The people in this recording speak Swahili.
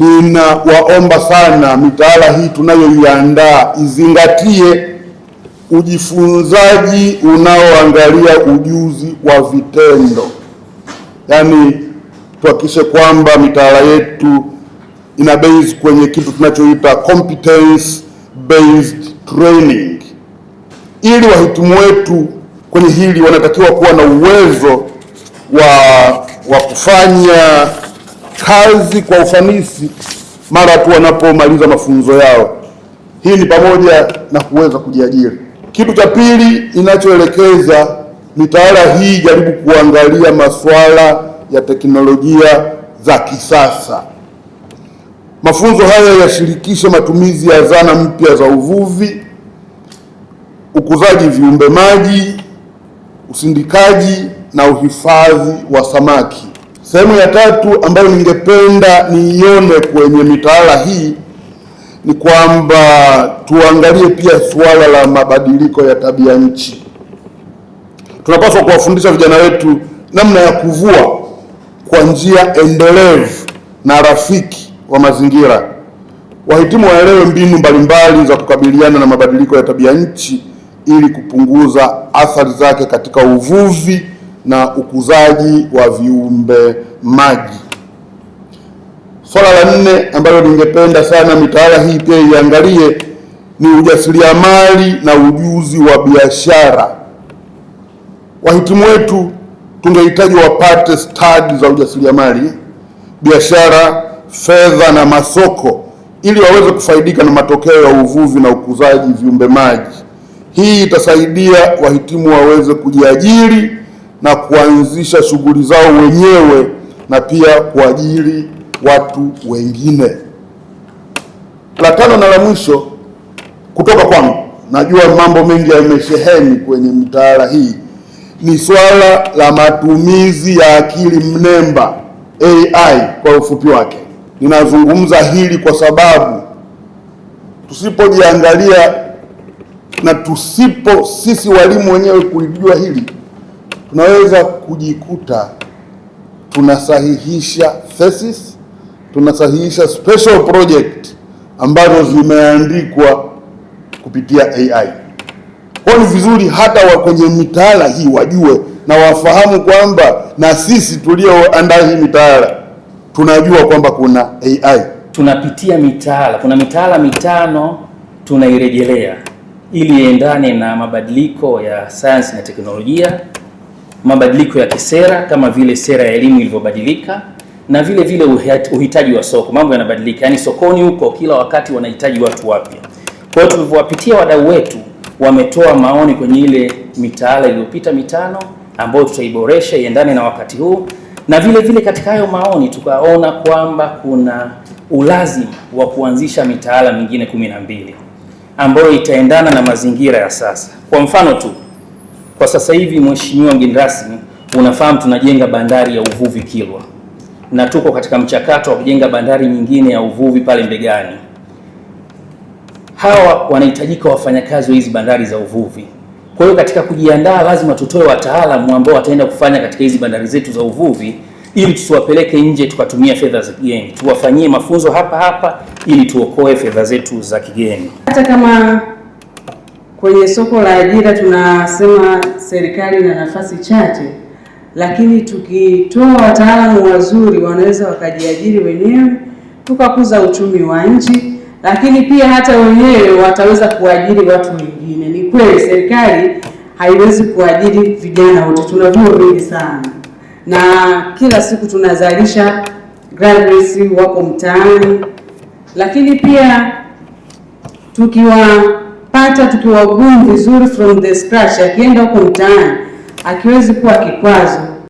ninawaomba sana mitaala hii tunayoiandaa izingatie ujifunzaji unaoangalia ujuzi wa vitendo, yaani tuhakikishe kwamba mitaala yetu ina base kwenye kitu tunachoita competence based training, ili wahitimu wetu kwenye hili wanatakiwa kuwa na uwezo wa, wa kufanya kazi kwa ufanisi mara tu wanapomaliza mafunzo yao. Hii ni pamoja na kuweza kujiajiri. Kitu cha pili inachoelekeza mitaala hii jaribu kuangalia masuala ya teknolojia za kisasa. Mafunzo haya yashirikishe matumizi ya zana mpya za uvuvi, ukuzaji viumbe maji, usindikaji na uhifadhi wa samaki. Sehemu ya tatu ambayo ningependa niione kwenye mitaala hii ni kwamba tuangalie pia suala la mabadiliko ya tabia nchi. Tunapaswa kuwafundisha vijana wetu namna ya kuvua kwa njia endelevu na rafiki wa mazingira. Wahitimu waelewe mbinu mbalimbali za kukabiliana na mabadiliko ya tabia nchi ili kupunguza athari zake katika uvuvi na ukuzaji wa viumbe maji. Swala la nne ambalo ningependa sana mitaala hii pia iangalie ni ujasiriamali na ujuzi wa biashara. Wahitimu wetu tungehitaji wapate stadi za ujasiriamali, biashara, fedha na masoko ili waweze kufaidika na matokeo ya uvuvi na ukuzaji viumbe maji. Hii itasaidia wahitimu waweze kujiajiri na kuanzisha shughuli zao wenyewe na pia kuajiri watu wengine. La tano na la mwisho kutoka kwangu, najua mambo mengi yamesheheni kwenye mtaala hii, ni swala la matumizi ya akili mnemba AI kwa ufupi wake. Ninazungumza hili kwa sababu tusipojiangalia na tusipo sisi walimu wenyewe kulijua hili tunaweza kujikuta tunasahihisha thesis, tunasahihisha special project ambazo zimeandikwa kupitia AI. Kwa ni vizuri hata wa kwenye mitaala hii wajue na wafahamu kwamba na sisi tulioandaa hii mitaala tunajua kwamba kuna AI. Tunapitia mitaala, kuna mitaala mitano tunairejelea ili iendane na mabadiliko ya sayansi na teknolojia mabadiliko ya kisera kama vile sera ya elimu ilivyobadilika na vile vile uhitaji wa soko. Mambo yanabadilika, yaani sokoni huko kila wakati wanahitaji watu wapya. Kwa hiyo tulivyowapitia wadau wetu, wametoa maoni kwenye ile mitaala iliyopita mitano ambayo tutaiboresha iendane na wakati huu, na vile vile katika hayo maoni tukaona kwamba kuna ulazima wa kuanzisha mitaala mingine kumi na mbili ambayo itaendana na mazingira ya sasa. Kwa mfano tu kwa sasa hivi, mheshimiwa mgeni rasmi, unafahamu tunajenga bandari ya uvuvi Kilwa na tuko katika mchakato wa kujenga bandari nyingine ya uvuvi pale Mbegani. Hawa wanahitajika wafanyakazi wa hizi bandari za uvuvi. Kwa hiyo katika kujiandaa, lazima tutoe wataalamu ambao wataenda kufanya katika hizi bandari zetu za uvuvi, ili tusiwapeleke nje tukatumia fedha za kigeni. Tuwafanyie mafunzo hapa hapa ili tuokoe fedha zetu za kigeni. Hata kama Kwenye soko la ajira tunasema serikali ina nafasi chache, lakini tukitoa wataalamu wazuri wanaweza wakajiajiri wenyewe, tukakuza uchumi wa nchi, lakini pia hata wenyewe wataweza kuajiri watu wengine. Ni kweli serikali haiwezi kuajiri vijana wote, tuna vyuo vingi sana na kila siku tunazalisha graduates wako mtaani, lakini pia tukiwa hata tukiwagumu vizuri from the scratch, akienda huko mtaani akiwezi kuwa kikwazo.